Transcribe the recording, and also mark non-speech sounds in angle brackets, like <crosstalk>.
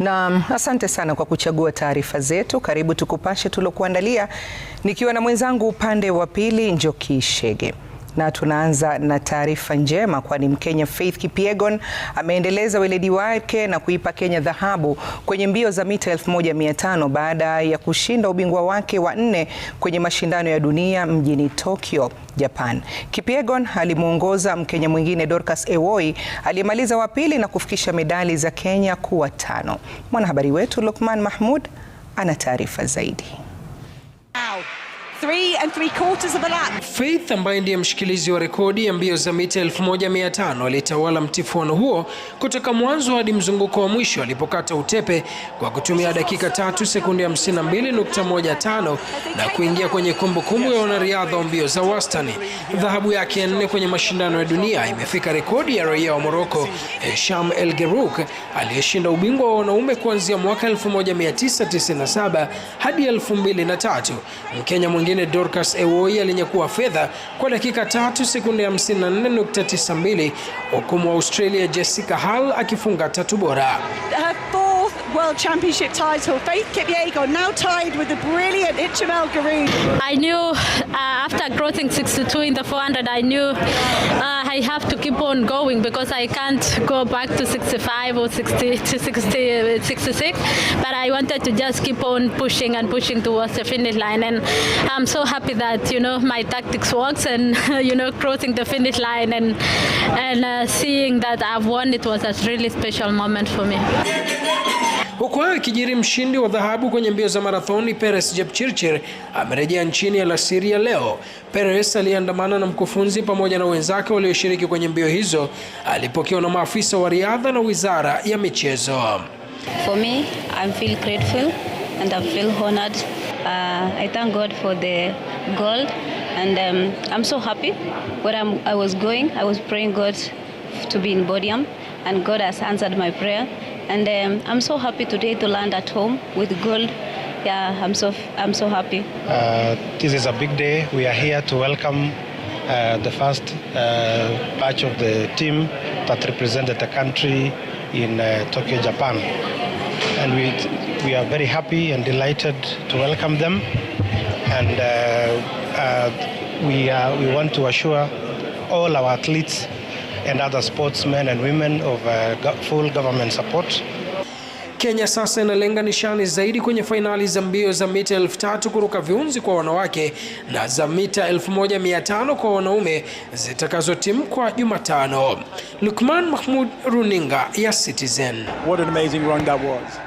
Na asante sana kwa kuchagua taarifa zetu. Karibu tukupashe tulokuandalia, nikiwa na mwenzangu upande wa pili Njoki Shege na tunaanza na taarifa njema, kwani Mkenya Faith Kipyegon ameendeleza weledi wake na kuipa Kenya dhahabu kwenye mbio za mita 1500 baada ya kushinda ubingwa wake wa nne kwenye mashindano ya dunia mjini Tokyo, Japan. Kipyegon alimwongoza Mkenya mwingine Dorcas Ewoi aliyemaliza wa pili na kufikisha medali za Kenya kuwa tano. Mwanahabari wetu Lukman Mahmud ana taarifa zaidi. Ow. Three and three quarters of a lap. Faith ambaye ndiye mshikilizi wa rekodi ya mbio za mita 1500 alitawala mtifuano huo kutoka mwanzo hadi mzunguko wa mwisho alipokata utepe kwa kutumia dakika tatu sekunde 52.15 na kuingia kwenye kumbukumbu ya wanariadha wa mbio za wastani. Dhahabu yake ya nne kwenye mashindano ya dunia imefika rekodi ya raia wa Moroko Hesham eh, El Gerouk aliyeshinda ubingwa wa wanaume kuanzia mwaka 1997 hadi 2003. Mkenya mwingine Dorcas Ewoi alinyakua fedha kwa dakika tatu sekunde 54.92 huku mwa Australia Jessica Hall akifunga tatu bora. World Championship title. Faith Kipyego now tied with the brilliant Ichimel Garoon. I knew uh, after crossing 62 in the 400, I knew uh, I have to ongoing because I can't go back to 65 or 60 to 60, 66. But I wanted to just keep on pushing and pushing towards the finish line. And I'm so happy that you know my tactics works and <laughs> you know crossing the finish line and and uh, seeing that I've won it was a really special moment for me. Huku hayo ikijiri, mshindi wa dhahabu kwenye mbio za marathoni Peres Jepchirchir amerejea nchini alasiri ya leo. Peres aliyeandamana na mkufunzi pamoja na wenzake walioshiriki kwenye mbio hizo alipokewa na maafisa wa riadha na wizara ya michezo. For me, I feel grateful and I feel honored. Uh, I thank God for the gold and um, I'm so happy where I'm, I was going. I was praying God to be in Bodiam and God has answered my prayer and um, I'm so happy today to land at home with gold. Yeah, I'm so, I'm so happy. Uh, this is a big day. We are here to welcome uh, the first uh, batch of the team that represented the country in uh, Tokyo, Japan. And we, we are very happy and delighted to welcome them. And uh, uh, we, we want to assure all our athletes and other sportsmen and women of uh, full government support. Kenya sasa inalenga nishani zaidi kwenye fainali za mbio za mita elfu tatu kuruka viunzi kwa wanawake na za mita 1500 kwa wanaume zitakazotimkwa Jumatano. Lukman Mahmud, Runinga ya Citizen. What an amazing run that was.